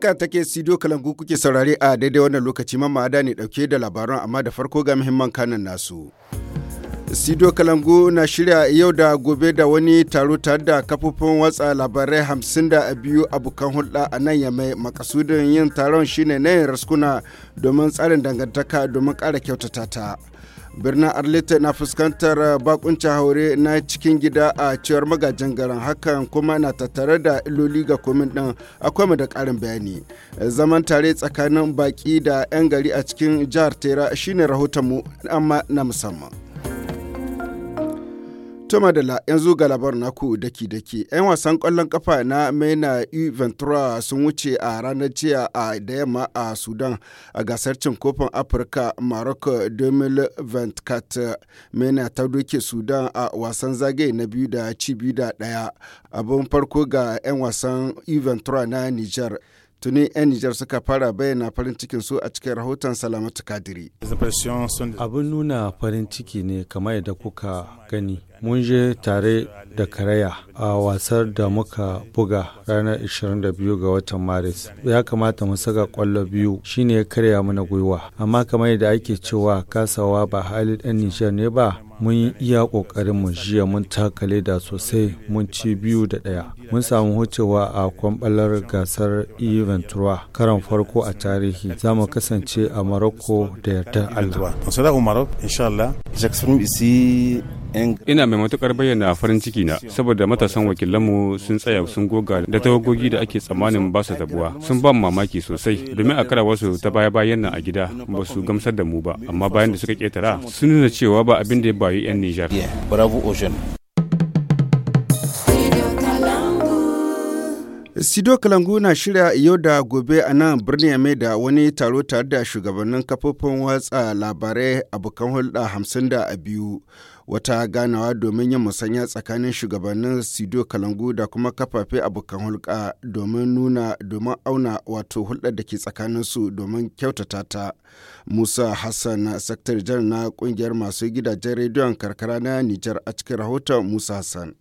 Haka take studio kalangu kuke saurare a daidai wannan lokaci mamma da ne dauke da labaran amma da farko ga muhimman kanan nasu. Sido Kalangu na shirya yau da gobe da wani taro tare da kafofin watsa labarai hamsin da biyu abokan hulɗa a nan yamai makasudin yin taron shine na yin raskuna domin tsarin dangantaka domin ƙara kyautata ta. birnin arlita na fuskantar bakuncin haure na cikin gida a cewar magajin garin hakan kuma na tattare da illoli ga komin din akwai mu da karin bayani zaman tare tsakanin baki da 'yan gari a cikin jihar tera shine rahoton mu amma na musamman Toma da la yanzu ga labar naku daki-daki. 'Yan wasan kwallon kafa na Mena U23 sun wuce a ranar jiya a da yamma a Sudan a gasar cin kofin Afirka Morocco 2024. Mena ta doke Sudan a wasan zagaye na biyu da ci biyu da ɗaya. Abin farko ga 'yan wasan U23 na Nijar. tuni 'yan Nijar suka fara bayyana farin cikin su a cikin rahoton Salamatu Kadiri. Abin nuna farin ciki ne kamar yadda kuka gani mun je tare da karaya a wasar da muka buga ranar 22 ga watan maris ya kamata mu saka kwallo biyu shine ya karya mana gwiwa amma kamar yadda ake cewa kasawa ba hali dan nijar ne ba mun yi iya kokarin mu jiya mun takale da sosai mun ci biyu da ɗaya mun samu hucewa a kwambalar gasar eventura karan farko a tarihi za mu kasance a morocco da yardar allah Ina mai matukar bayyana farin ciki na saboda matasan wakilanmu sun tsaya sun goga da tawagogi da ake tsammanin ba su tabuwa sun ban mamaki sosai domin a kara wasu ta baya bayan nan a gida ba su gamsar da mu ba amma bayan da suka ketara sun nuna cewa ba abin da ya bayu 'yan Nijar. Sido Kalangu na shirya yau da gobe a nan birni mai da wani taro tare da shugabannin kafofin watsa labarai abokan hulɗa hamsin da biyu wata ganawa domin yin musanya tsakanin shugabannin sido kalangu da kuma kafafe abokan hulɗa domin nuna domin auna wato hulɗar da ke tsakanin su domin kyautata ta musa hassan sakatare jar na kungiyar masu gidajen rediyon karkara na nijar a cikin rahoton musa hassan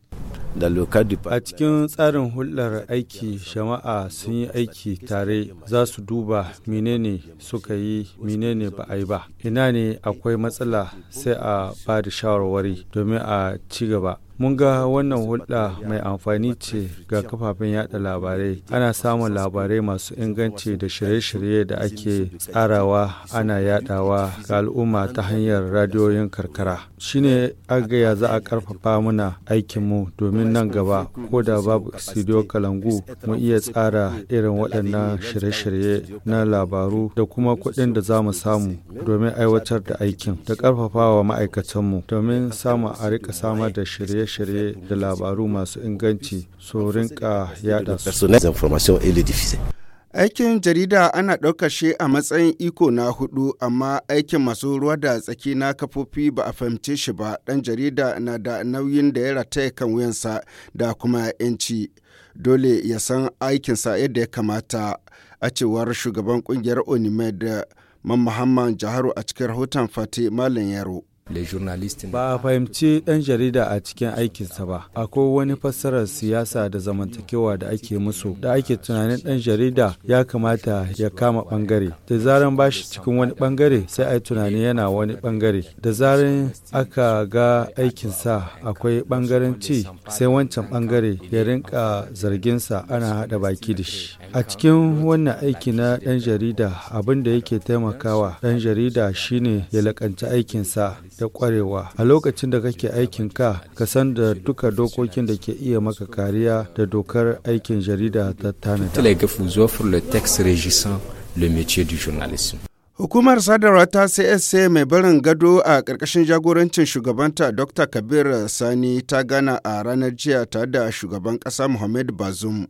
A cikin tsarin hulɗar aiki shama'a sun yi aiki tare za su duba menene suka yi menene ba a yi ba. Ina ne akwai matsala sai a ba da shawarwari. shawarwari domin a ci gaba mun ga wannan hulɗa mai amfani ce ga kafafen yada labarai ana samun labarai masu inganci da shirye-shirye da ake tsarawa ana yadawa ga al'umma ta hanyar radiyoyin karkara shine agaya za a karfafa muna aikinmu domin nan gaba ko da babu studio kalangu mu iya tsara irin waɗannan shirye-shirye na labaru da kuma kuɗin da za mu samu domin aiwatar da aikin da karfafawa ma'aikatanmu domin samun a rika samar da shirye shirye da labaru masu inganci su rinka yada su. Aikin jarida ana ɗaukar shi a matsayin iko na hudu, amma aikin masu ruwa da tsaki na kafofi ba a fahimce shi ba, ɗan jarida na da nauyin da ya rataya kan wuyansa da kuma 'yanci. Dole ya san aikinsa yadda ya kamata, a cewar shugaban ƙungiyar Onimed muhammad Jaharu a cikin rahoton Fati Malam Yaro. Ba a fahimci ɗan jarida a cikin aikinsa ba. Akwai wani fassarar siyasa da zamantakewa da ake musu da ake tunanin ɗan jarida ya kamata ya kama ɓangare. Da zaran ba shi cikin wani ɓangare sai a yi tunani yana wani ɓangare. Da zaran aka ga aikinsa akwai ci sai wancan ɓangare ya rinka zarginsa ana haɗa baki da shi. A cikin wannan aiki na ɗan jarida abin da yake taimakawa ɗan jarida shine ya lakanci aikinsa da kwarewa A lokacin da kake aikin ka, ka san da duka dokokin da ke iya maka kariya da dokar aikin jarida ta tanada. Hukumar sadarwa ta CSA mai barin gado a ƙarƙashin jagorancin shugabanta Dr. Kabir Sani ta gana a ranar jiya tare da shugaban ƙasa Muhammad bazum.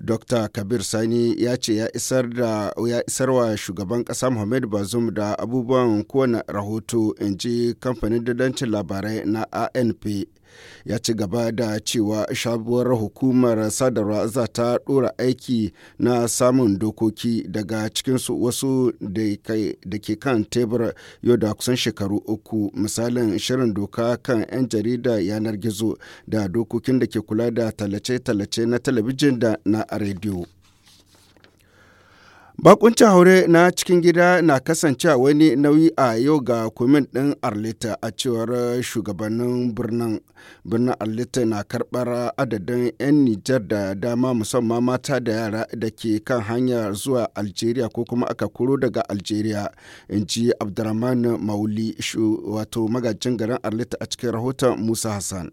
Dr. Kabir Sani ya ce ya isar da ya wa shugaban ƙasa Muhammad bazum da abubuwan kowane rahoto in ji kamfanin dadancin labarai na ANP. ya ci gaba da cewa shabuwar hukumar sadarwa za ta ɗora aiki na samun dokoki daga cikinsu wasu da ke kan tebur yau da kusan shekaru uku misalin shirin doka kan 'yan jarida yanar gizo da dokokin da ke kula da tallace-tallace na talabijin da na a rediyo. Bakuncin haure na cikin gida na kasancewa wani nauyi a yau ga kumin ɗin Arlita a cewar shugabannin birnin. Birnin Arlita na karbar adadin 'yan Nijar da dama musamman mata da yara da ke kan hanyar zuwa Algeria ko kuma aka kuro daga Algeria. In ji Abdurrahman Mauli wato magajin garin Arlita a cikin rahoton Musa Hassan.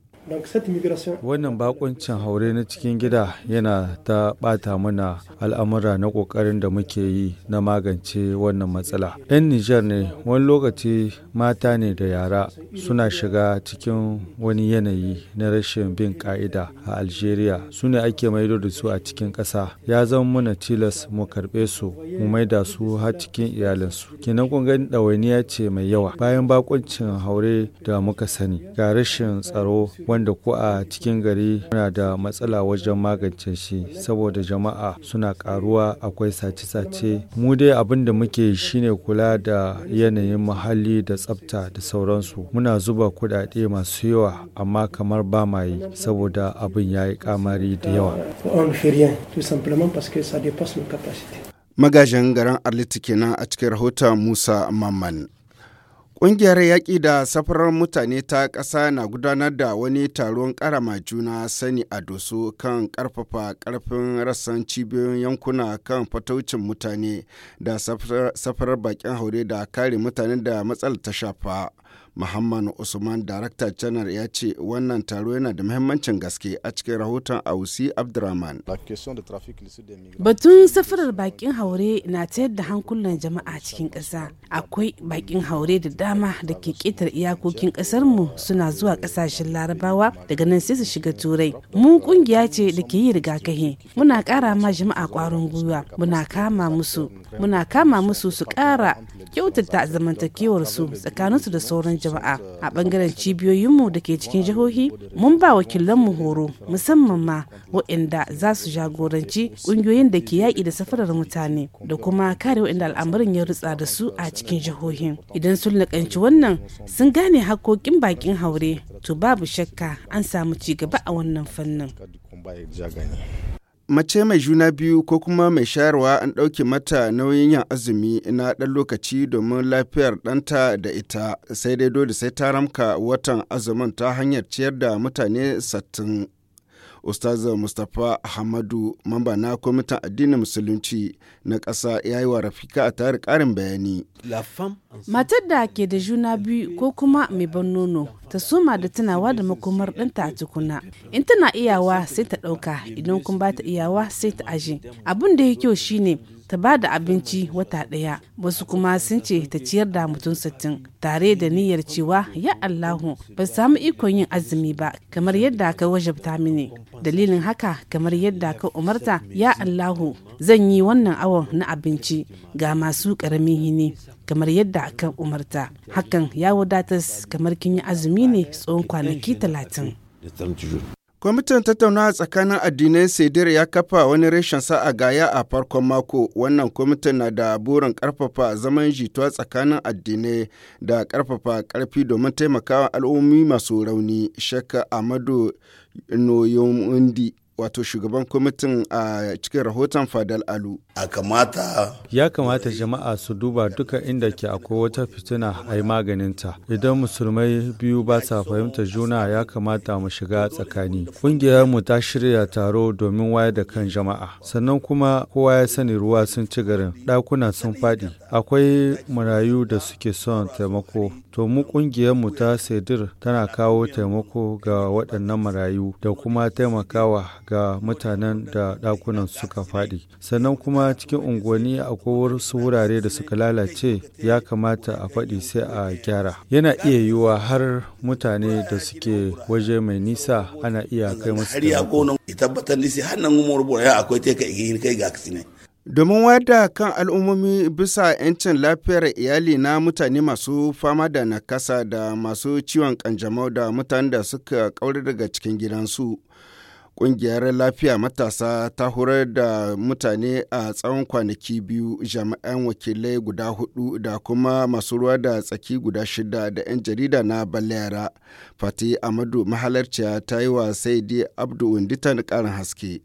Wannan bakuncin haure na cikin gida yana ta bata mana al'amura na kokarin da muke yi na magance wannan matsala. 'Yan Nijar ne wani lokaci mata ne da yara suna shiga cikin wani yanayi na rashin bin ƙa'ida a Algeria su ne ake maido da su a cikin ƙasa. Ya zama muna tilas mu karɓe su mu maida su har cikin iyalinsu. Kenan kun gani ɗawainiya ce mai yawa bayan bakuncin haure da muka sani ga rashin tsaro wanda ko a cikin gari muna da matsala wajen magance shi saboda jama'a suna karuwa akwai sace-sace mu dai abin da muke shine kula da yanayin muhalli da tsabta da sauransu muna zuba kudade masu yawa amma kamar ba ma yi saboda abin ya yi kamari da yawa magajin garin arliti kenan a cikin rahoton musa mamman Ƙungiyar yaƙi da safarar mutane ta ƙasa na gudanar da wani taron ƙarama juna sani a doso kan ƙarfafa ƙarfin rassan cibiyoyin yankuna kan fataucin mutane da safarar baƙin haure da kare mutane da matsala ta shafa. Muhammad Usman director Janar ya ce wannan taro yana da muhimmancin gaske a cikin rahoton Ausi Abdurrahman. Batun safarar bakin haure na tayar da hankulan jama'a cikin ƙasa. Akwai bakin haure da dama da ke ketar iyakokin ƙasarmu suna zuwa ƙasashen Larabawa daga nan sai su shiga Turai. Mu ƙungiya ce da ke yi rigakafi. Muna ƙara ma jama'a ƙwarin gwiwa. Muna kama musu. Muna kama musu su ƙara kyautata zamantakewar zamantakewarsu tsakaninsu da sauran jama'a a bangaren cibiyoyinmu da ke cikin jihohi mun ba wakilanmu horo musamman ma waɗanda za su jagoranci ƙungiyoyin da ke yaƙi da safarar mutane da kuma kare waɗanda al'amarin ya rutsa da su a cikin jihohin idan sun lakanci wannan sun gane hakokin bakin haure to babu shakka an samu ci gaba a wannan fannin. Mace mai juna biyu ko kuma mai shayarwa an ɗauke mata nauyin yin azumi na ɗan lokaci domin lafiyar ɗanta da ita, sai dai dole sai ta ramka watan azumin ta hanyar ciyar da mutane sattin. Ustaz Mustapha Ahmadu, mamba na kwamitin addinin musulunci na ƙasa ya yi wa Rafika a tare ƙarin bayani. Matar da ke da juna biyu ko kuma mai ban nono ta soma da tunawa da makomar ɗanta a tukuna in tana iyawa sai ta ɗauka idan kun ba ta iyawa sai ta aje abin da ya kyau shine ta ba da abinci wata ɗaya wasu kuma sun ce ta ciyar da mutum sittin tare da niyyar cewa ya allahu ba samu ikon yin azumi ba kamar yadda ka wajabta mini dalilin haka kamar yadda ka umarta ya allahu zan yi wannan awon na abinci ga masu ƙaramin hini kamar yadda aka umarta hakan ya wadatar kamar kin yi azumi ne tsawon kwanaki talatin Kwamitin tattaunawa tsakanin addinai Sedir ya kafa wani reshen sa'a gaya a farkon mako. Wannan kwamitin na da burin karfafa zaman jituwa tsakanin addinai da karfafa karfi domin taimakawa al'ummi masu rauni. Shaka Amadu Noyomundi wato shugaban kwamitin a cikin rahoton fadal alu a kamata ya kamata jama'a su duba duka inda ke akwai wata fitina a yi maganinta idan musulmai biyu ba sa fahimtar juna ya kamata mu shiga tsakani ƙungiyarmu ta shirya taro domin wayar da kan jama'a sannan kuma kowa ya sani ruwa sun ci garin ɗakuna sun faɗi akwai marayu da suke son taimako to mu mu ta sedir tana kawo taimako ga waɗannan marayu da kuma taimakawa ga mutanen da dakunan suka fadi sannan kuma cikin unguwanni akwai wasu wurare da suka lalace ya kamata a fadi sai a gyara yana iya yiwuwa har mutane da suke waje mai nisa ana iya kai musu domin wayar kan al'ummomi bisa 'yancin lafiyar iyali na mutane masu fama da nakasa da masu ciwon kanjamau da mutanen da suka kauri daga cikin gidansu Ƙungiyar lafiya matasa ta horar da mutane a tsawon kwanaki biyu jami'an wakilai guda hudu da kuma masu ruwa da tsaki guda shida da 'yan jarida na Balera. Fati Amadu mahalarciya ta yi wa Saidi Abdu Windita karin haske.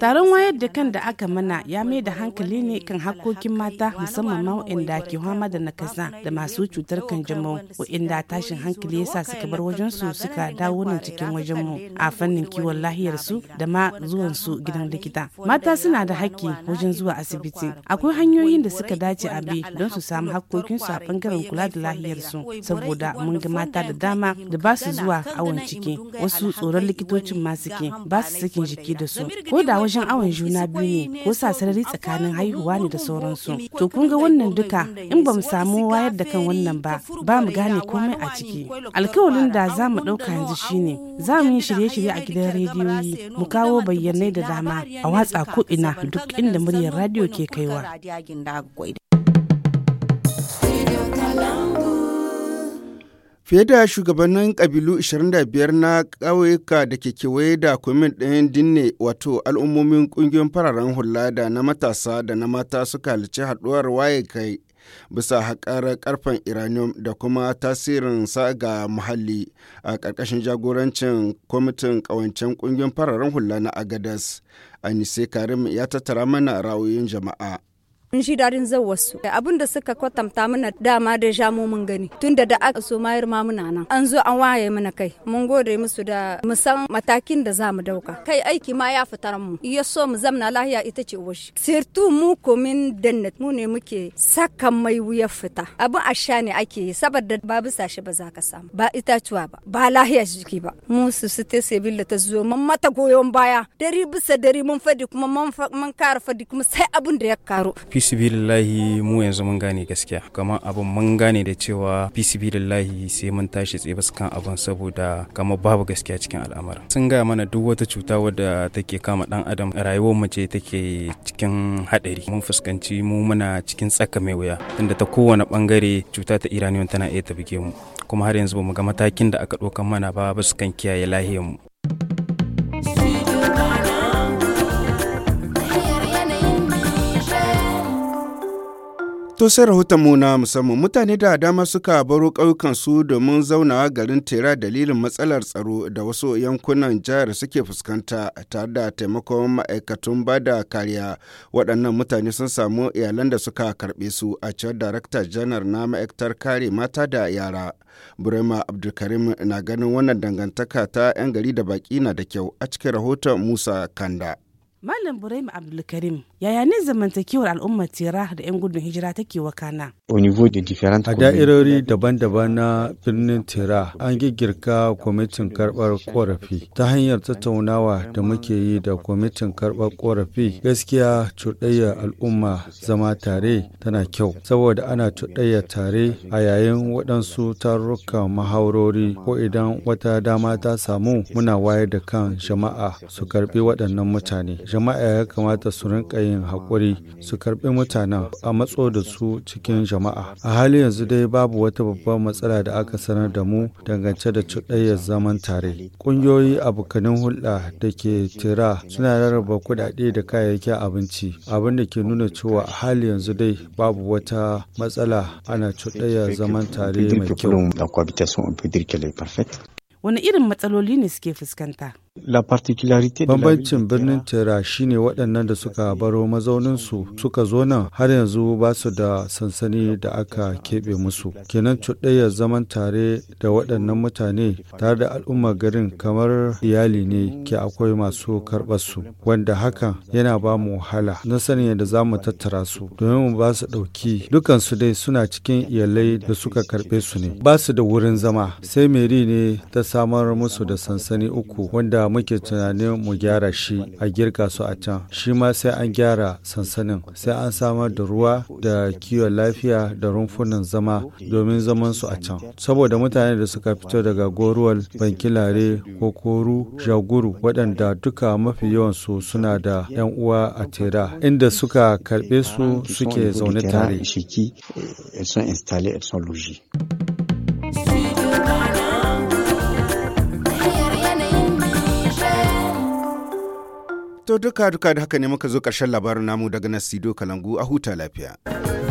Taron wayar da kan da aka mana ya mai da hankali ne kan hakokin mata musamman ma waɗanda ke fama da nakasa da masu cutar kanjamau wainda tashin hankali yasa suka bar wajen su suka dawo nan cikin wajen mu a fannin kiwon lahiyar su da ma zuwan su gidan likita. Mata suna da haƙƙi wajen zuwa asibiti. Akwai hanyoyin da suka dace a bi don su samu hakokin su a bangaren kula da lahiyar su saboda mun ga mata da dama da ba su zuwa awon ciki wasu tsoron likitocin ma suke ba su sakin jiki da su ko da wajen awon juna biyu ne ko sarari tsakanin haihuwa ne da sauransu to kun ga wannan duka in ba mu samu wayar da kan wannan ba ba mu gane komai a ciki alkawalin da za mu ɗauka yanzu shine za mu yi shirye-shirye a gidan rediyoyi mu kawo bayyanai da dama a watsa ko ina duk inda muryar radio ke kaiwa Fiye da shugabannin ƙabilu 25 na ƙauyuka da ke kewaye da kwamin ɗin Dinne wato al'ummomin ƙungiyoyin fararen hula da na matasa da na mata suka halarci haɗuwar waye kai bisa haƙar ƙarfen iranium da kuma tasirin sa ga muhalli a ƙarƙashin jagorancin kwamitin ƙawancen ƙungiyoyin fararen hula na Agadas. Anise Karim ya tattara mana ra'ayoyin jama'a. in shi dadin zawarsu abin da suka kwatanta mana dama da ja mu mun gani tun da da aka so mayar ma muna nan an zo an waye mana kai mun gode musu da musan matakin da za mu dauka kai aiki ma ya fitar mu ya so mu zamna lahiya ita ce washi sirtu mu komin dannat mu ne muke saka mai wuya fita abin a sha ne ake yi saboda ba bisa shi ba za ka samu ba itatuwa ba ba lahiya jiki ba mu su su ta billa ta zo mun mata goyon baya dari bisa dari mun fadi kuma mun kara fadi kuma sai abin da ya karu. lillahi mu yanzu mun gane gaskiya kamar abin mun gane da cewa lillahi sai mun tashi tsaye basu kan abin saboda kamar babu gaskiya cikin al'amura sun gaya mana duk wata cuta wadda take kama ɗan adam rayuwar mu ce take cikin haɗari. mun fuskanci mu muna cikin tsaka mai wuya tunda ta kowane bangare cuta ta iraniyon tana iya ta buge mu kuma har yanzu bamu ga matakin da aka ɗaukan mana ba basu kan kiyaye lahiyar mu wasu sai rahoton mu na musamman mutane da dama suka baro su domin zaunawa garin tera dalilin matsalar tsaro da wasu yankunan jihar suke fuskanta tare da taimakon ma'aikatun ba da kariya. Waɗannan mutane sun samu iyalan da suka karɓe su a cewar Darakta Janar na ma'aikatar kare mata da yara. Burema Abdulkarim na ganin wannan dangantaka ta 'yan gari da baƙi na da kyau a cikin rahoton Musa Kanda. Malam Abdul Abdulkarim, yaya ne zamantakewar al'ummar Tira da 'yan gudun hijira take wakana? A da'irori daban-daban na birnin Tira an girka kwamitin karɓar korafi ta hanyar tattaunawa da muke yi da kwamitin karɓar korafi gaskiya cuɗayyar al'umma zama tare tana kyau saboda ana cuɗayya tare a yayin waɗansu tarurruka mahaurori ko idan wata dama ta samu muna wayar da kan jama'a su karɓi waɗannan mutane. jama'a ya kamata su rinka yin haƙuri su karɓi mutanen a matso da su cikin jama'a a hali yanzu dai babu wata babbar matsala da aka sanar da mu dangance da cuɗayyar zaman tare ƙungiyoyi abokanin hulɗa da ke tira suna rarraba kuɗaɗe da kayayyakin abinci abin da ke nuna cewa a halin yanzu dai babu wata matsala ana cuɗayyar zaman tare mai kyau wani irin matsaloli ne suke fuskanta Bambancin birnin Tera shine waɗannan da suka baro mazauninsu suka zo nan har yanzu ba su da sansani da aka keɓe musu. Kenan cuɗayar zaman tare da waɗannan mutane tare da al'ummar garin kamar iyali ne ke akwai masu su wanda hakan yana ba mu wahala na sanin yadda za mu tattara su domin mu ba su ɗauki dukansu dai suna cikin iyalai da suka karɓe su ne. Ba su da wurin zama sai Meri ne ta samar musu da sansani uku wanda muke tunanin mu gyara shi a girka su a can shi ma sai an gyara sansanin sai an samar da ruwa da kiwon lafiya da rumfunan zama domin zaman su a can saboda mutane da suka fito daga goruwal bankilare ko koru jaguru waɗanda duka mafi yawan su suna da 'yan uwa a tera inda suka karɓe su suke zaune tare duka duka da haka ne muka zo ƙarshen labarin namu daga nan Sido Kalangu a huta lafiya.